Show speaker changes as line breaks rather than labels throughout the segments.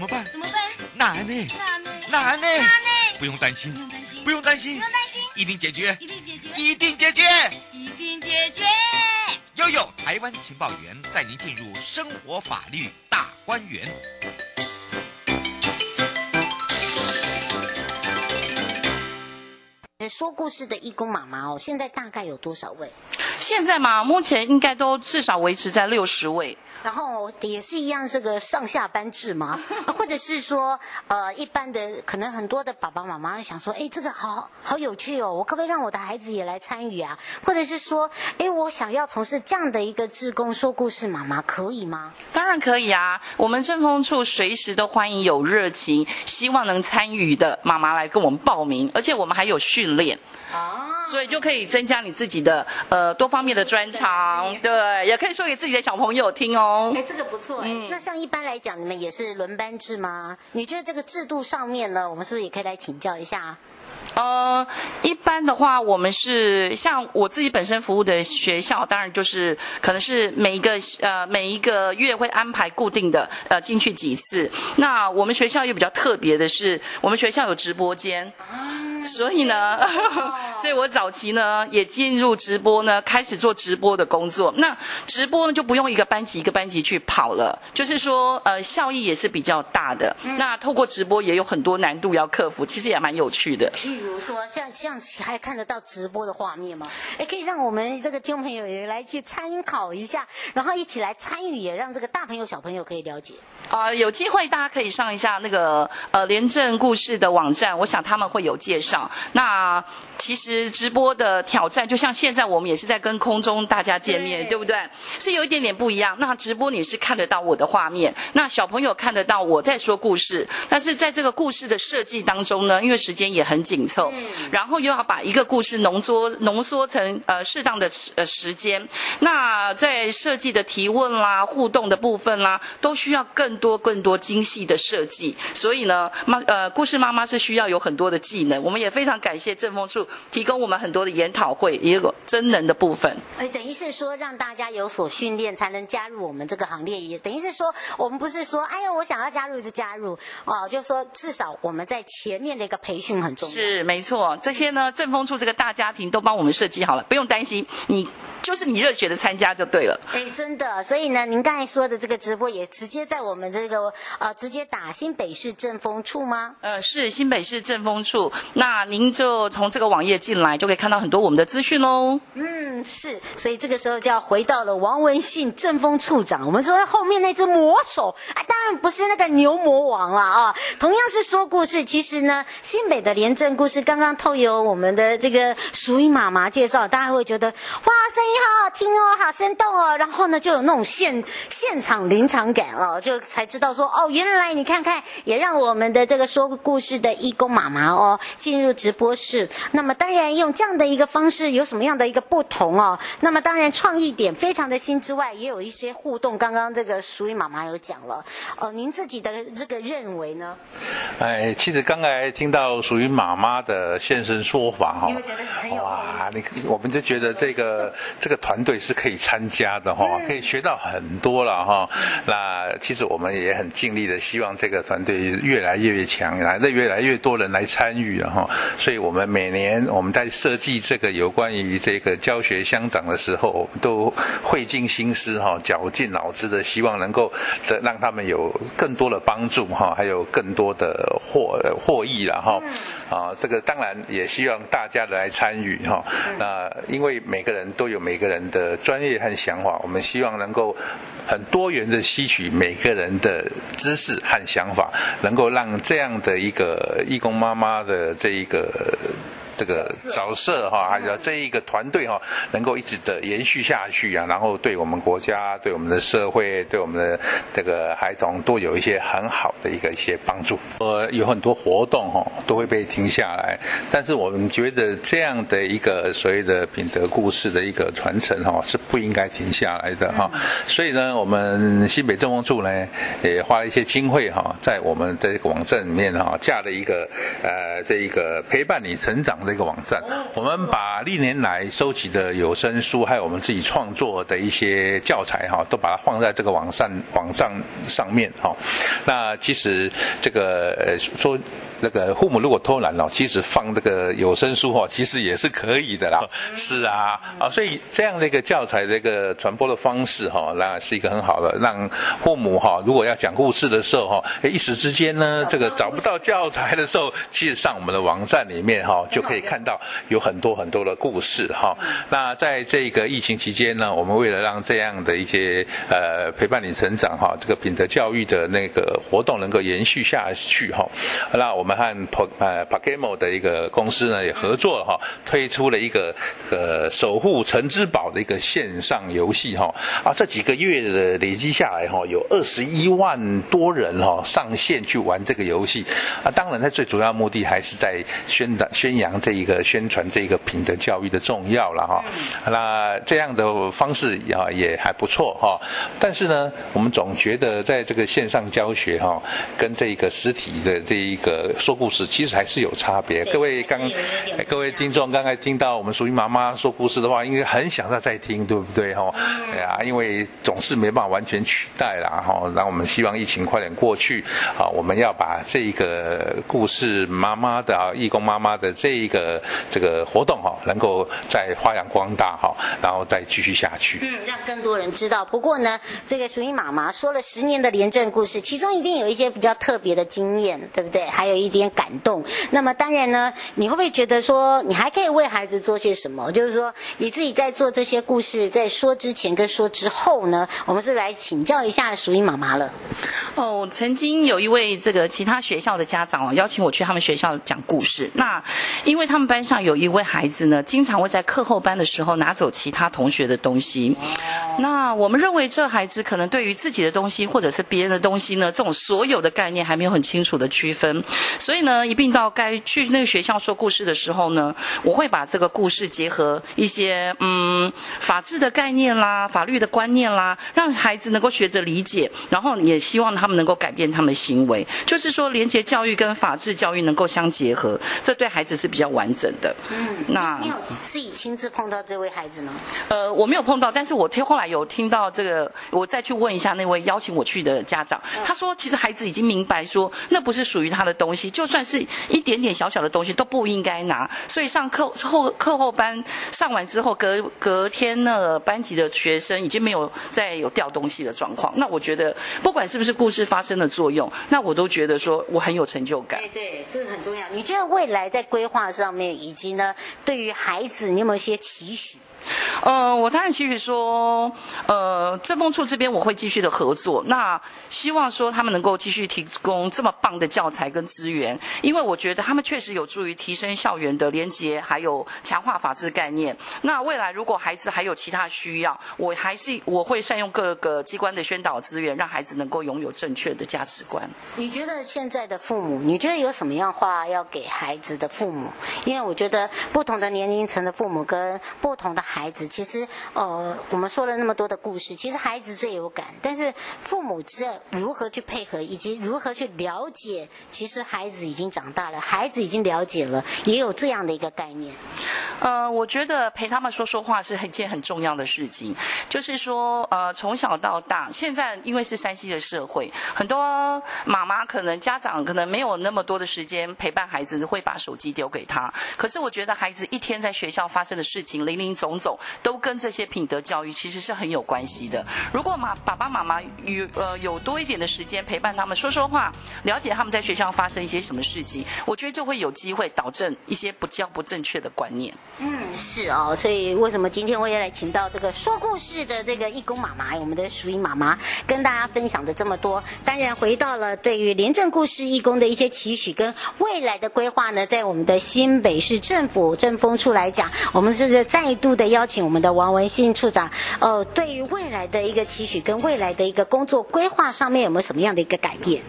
怎麼辦？怎麼辦？哪呢？哪呢？哪呢？哪呢？不用擔心，不用擔心，不用擔心，不用擔心，一定解決，一
定解決，一定解決，一定解決。
廉遊台灣情報員帶您進入生活法
律大觀園。說故事的義工媽媽哦，現在大概有多少位？現在嘛，目前應該都至少維持在六十位。然後也是一樣，這個上下班制嘛，或者是說，呃，一般的可能很多的爸爸媽媽想說，哎，這個好好有趣哦，我可不可以讓我的孩子也來參與啊？或者是說，哎，我想要從事這樣的一個志工，說故事媽媽可以嗎？當然
可以啊，我們政風處隨時都歡迎有熱情、希望能參與的媽媽來跟我們報名，而且我們還有訓練啊。Oh, okay. 所以就可以增加你自己的呃多方面的專長，Oh, okay. 對，也可以說給自己的小朋友聽哦。哎，
這個不錯。嗯，那像一般來講，你們也是輪班制嗎？你覺得這個制度上面呢，我們是不是也可以來請教一下？
呃，一般的話，我們是像我自己本身服務的學校，當然就是可能是每一個呃每一個月會安排固定的呃進去幾次。那我們學校又比較特別的是，我們學校有直播間。Oh. 所以呢，哦、 所以我早期呢也進入直播呢，開始做直播的工作。那直播呢就不用一個班級一個班級去跑了，就是說呃效益也是比較大的、嗯。那透過直播也有很多難度要克服，其實也蠻有趣的。譬
如說像像還看得到直播的畫面嗎？還可以讓我們這個聽眾朋友也來去參考一下，然後一起來參與，也讓這個大朋友小朋友可以了解。
啊、呃，有機會大家可以上一下那個呃廉政故事的網站，我想他們會有介紹。那其實直播的挑戰，就像現在我們也是在跟空中大家見面對，對不對？是有一點點不一樣。那直播你是看得到我的畫面，那小朋友看得到我在說故事。但是在這個故事的設計當中呢，因為時間也很緊湊，嗯、然後又要把一個故事濃縮濃縮成呃適當的時間。那在設計的提問啦、互動的部分啦，都需要更多更多精細的設計。所以呢，媽呃，故事媽媽是需要有很多的技能，我們也。非常感謝政風處，提供我們很多的研討會也有個真人的部分。
哎、呃，等於是說，讓大家有所訓練，才能加入我們這個行列也。也等於是說，我們不是說，哎呦，我想要加入就加入，哦、呃，就是說至少我們在前面的一個培訓很重要。是
沒錯，這些呢，政風處，這個大家庭都幫我們設計好了，不用擔心，你就是你熱血的參加就對了。
哎、呃，真的，所以呢，您剛才說的這個直播也直接在我們這個呃直接打新北市政風處嗎？呃，是新北市
政風處那。那您就從這個網頁進來，就可以看到很多我們的資訊嘍。
是，所以這個時候就要回到了王文信政風處長。我們說後面那隻魔手，當然不是那個牛魔王了啊、哦。同樣是說故事，其實呢，新北的廉政故事剛剛透由我們的這個淑鶯媽媽介紹，大家會覺得哇，聲音好好聽哦，好生動哦。然後呢，就有那種現現場臨場感哦，就才知道說哦，原來你看看，也讓我們的這個說故事的義工媽媽哦，進入直播室。那麼當然用這樣的一個方式，有什麼樣的一個不同？哦，那麼當然創意點非常的新之外，也有一些互動。剛剛這個淑鶯媽媽有講了，呃，您自己的這個認為呢？
哎，其實剛才聽到淑鶯媽媽的現身說法哈、哦，哇，你，我們就覺得這個這個團隊是可以參加的哈、哦，可以學到很多了哈、哦。那其實我們也很盡力的，希望這個團隊越來越越強，來的越來越多人來參與了哈、哦。所以我們每年我們在設計這個有關於這個教學。鄉長的時候都費盡心思哈，絞盡腦汁的希望能夠讓他們有更多的幫助哈，還有更多的獲獲益然後、嗯、啊，這個當然也希望大家來參與哈。那因為每個人都有每個人的專業和想法，我們希望能夠很多元的吸取每個人的知識和想法，能夠讓這樣的一個義工媽媽的這一個。這個角色哈，還有這一個團隊哈，能夠一直的延續下去啊，然後對我們國家、對我們的社會、對我們的這個孩童，都有一些很好的一個一些幫助。呃，有很多活動哈都會被停下來，但是我們覺得這樣的一個所謂的品德故事的一個傳承哈是不應該停下來的哈、嗯。所以呢，我們新北政風處呢，也花了一些經費哈，在我們的這個網站裡面哈，架了一個呃這一個陪伴你成長的。這個網站，我們把歷年來收集的有聲書，還有我們自己創作的一些教材哈，都把它放在這個網站網站上面哈。那其實這個呃說那個父母如果偷懶了，其實放這個有聲書哈，其實也是可以的啦。是啊，啊，所以這樣的一個教材的一個傳播的方式哈，那是一個很好的，讓父母哈，如果要講故事的時候哈，一時之間呢，這個找不到教材的時候，其實上我們的網站裡面哈就可以看到有很多很多的故事哈、哦，那在這個疫情期間呢，我們為了讓這樣的一些呃陪伴你成長哈、哦，這個品德教育的那個活動能夠延續下去哈、哦，那我們和呃 PaGamO 的一個公司呢也合作哈、哦，推出了一個呃守護陳之寶的一個線上遊戲哈、哦，啊這幾個月的累積下來哈、哦，有二十一萬多人哈、哦、上線去玩這個遊戲啊，當然他最主要目的還是在宣導宣揚。這一個宣傳，這一個品德教育的重要了哈、嗯。那這樣的方式也也還不錯哈。但是呢，我們總覺得在這個線上教學哈，跟這個實體的這一個說故事，其實還是有差別。各位剛，各位聽眾，剛才聽到我們淑鶯媽媽說故事的話，應該很想要再聽，對不對哈？哎、嗯、呀，因為總是沒辦法完全取代啦哈。那我們希望疫情快點過去啊，我們要把這個故事媽媽的啊，義工媽媽的這個。一個這個活動哈，能夠再發揚光大哈，然後再繼續下去。
嗯，讓更多人知道。不過呢，這個淑鶯媽媽說了十年的廉政故事，其中一定有一些比較特別的經驗，對不對？還有一點感動。那麼當然呢，你會不會覺得說，你還可以為孩子做些什麼？就是說，你自己在做這些故事，在說之前跟說之後呢，我們是來請教一下淑鶯媽媽了。
哦，曾經有一位這個其他學校的家長哦，邀請我去他們學校講故事。那因為因為他們班上有一位孩子呢，經常會在課後班的時候拿走其他同學的東西。那我們認為這孩子可能對於自己的東西或者是別人的東西呢，這種所有的概念還沒有很清楚的區分。所以呢，一併到該去那個學校說故事的時候呢，我會把這個故事結合一些嗯法治的概念啦、法律的觀念啦，讓孩子能夠學着理解，然後也希望他們能夠改變他們的行為。就是說，廉潔教育跟法治教育能夠相結合，這對孩子是比較。完整的。嗯，
那你有自己親自碰到這位孩子呢？
呃，我沒有碰到，但是我聽後來有聽到這個，我再去問一下那位邀請我去的家長，他說其實孩子已經明白說那不是屬於他的東西，就算是一點點小小的東西都不應該拿。所以上課，課後課後班上完之後，隔隔天呢，班級的學生已經沒有再有掉東西的狀況。那我覺得不管是不是故事發生的作用，那我都覺得說我很有成就感。對，對，
這個很重要。你覺得未來在規劃？上面以及呢，對於孩子你有沒有一些期許？
呃，我當然繼續說，呃，政風處這邊我會繼續的合作。那希望說他們能夠繼續提供這麼棒的教材跟資源，因為我覺得他們確實有助於提升校園的廉潔，還有強化法治概念。那未來如果孩子還有其他需要，我還是我會善用各個機關的宣導資源，讓孩子能夠
擁有正確的價值觀。你覺得現在的父母，你覺得有什麼樣的話要給孩子的父母？因為我覺得不同的年齡層的父母跟不同的孩子。其實，呃，我們說了那麼多的故事，其實孩子最有感。但是父母這如何去配合，以及如何去了解，其實孩子已經長大了，孩子已經了解了，也有這樣的一個概念。呃，我覺得陪他們說說話是一
件很重要的事情。就是說，呃，從小到大，現在因為是山西的社會，很多媽媽可能家長可能沒有那麼多的時間陪伴孩子，會把手機丟給他。可是我覺得孩子一天在學校發生的事情，林林總總。都跟這些品德教育其實是很有關係的。如果媽爸爸媽媽與呃有多一點的時間陪伴他們說說話，了解他們在學校發生一些什麼事情，我覺得就會有機會導正一些不教不正確的觀念。
嗯，是哦。所以為什麼今天我也來請到這個說故事的這個義工媽媽，我們的淑鶯媽媽，跟大家分享的這麼多。當然，回到了對於廉政故事義工的一些期許跟未來的規劃呢，在我們的新北市政府政風處來講，我們就是，是再一度的邀請。我們的王文信處長，呃，對於未來的一個期許跟未來的一個工作規劃上面，有沒有什麼樣的一個改變？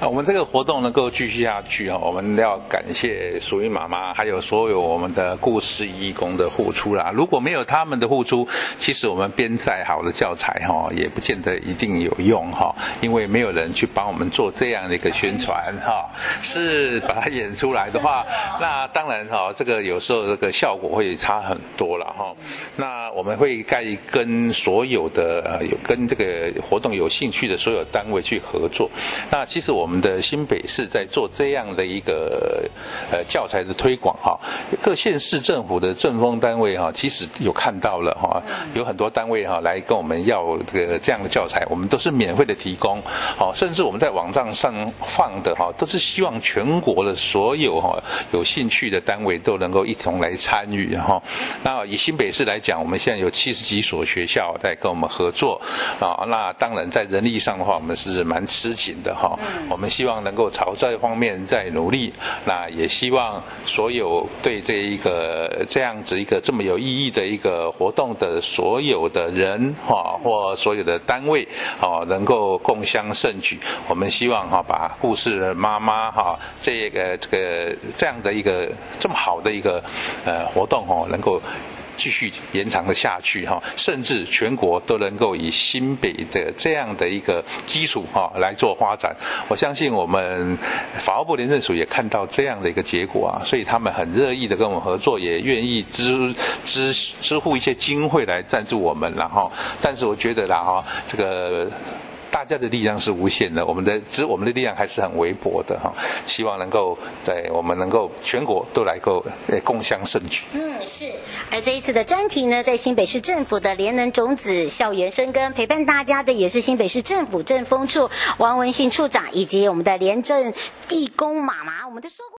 啊，我們這個活動能夠繼續下去啊！我們要感謝淑鶯媽媽，還有所有我們的故事義工的付出啦。如果沒有他們的付出，其實我們編再好的教材哈，也不見得一定有用哈。因為沒有人去幫我們做這樣的一個宣傳哈，是把它演出來的話，那當然哈，這個有時候這個效果會差很多了哈。那我們會跟所有的有跟這個活動有興趣的所有單位去合作。那其實我們。我們的新北市在做這樣的一個呃教材的推廣哈，各縣市政府的政風單位哈，其實有看到了哈，有很多單位哈來跟我們要這個這樣的教材，我們都是免費的提供，好，甚至我們在網站上放的哈，都是希望全國的所有哈有興趣的單位都能夠一同來參與哈。那以新北市來講，我們現在有七十幾所學校在跟我們合作啊，那當然在人力上的話，我們是蠻吃緊的哈。我們希望能夠朝這方面再努力，那也希望所有對這一個這樣子一個這麼有意義的一個活動的所有的人哈、哦，或所有的單位哦，能夠共襄盛舉。我們希望哈、哦，把故事媽媽哈、哦，這個這個這樣的一個這麼好的一個呃活動哦，能夠。繼續延長的下去哈，甚至全國都能夠以新北的這樣的一個基礎哈來做發展。我相信我們法務部廉政署也看到這樣的一個結果啊，所以他們很樂意的跟我們合作，也願意支支支付一些經費來贊助我們。然後，但是我覺得啦哈，這個。大家的力量是無限的，我們的只我們的力量還是很微薄的哈，希望能夠在我們能夠全國都來夠呃共襄盛舉。嗯，
是。而這一次的專題呢，在新北市政府的廉能種子校園生根，陪伴大家的也是新北市政府政風處王文信處長以及我們的廉政義工媽媽，我們的收。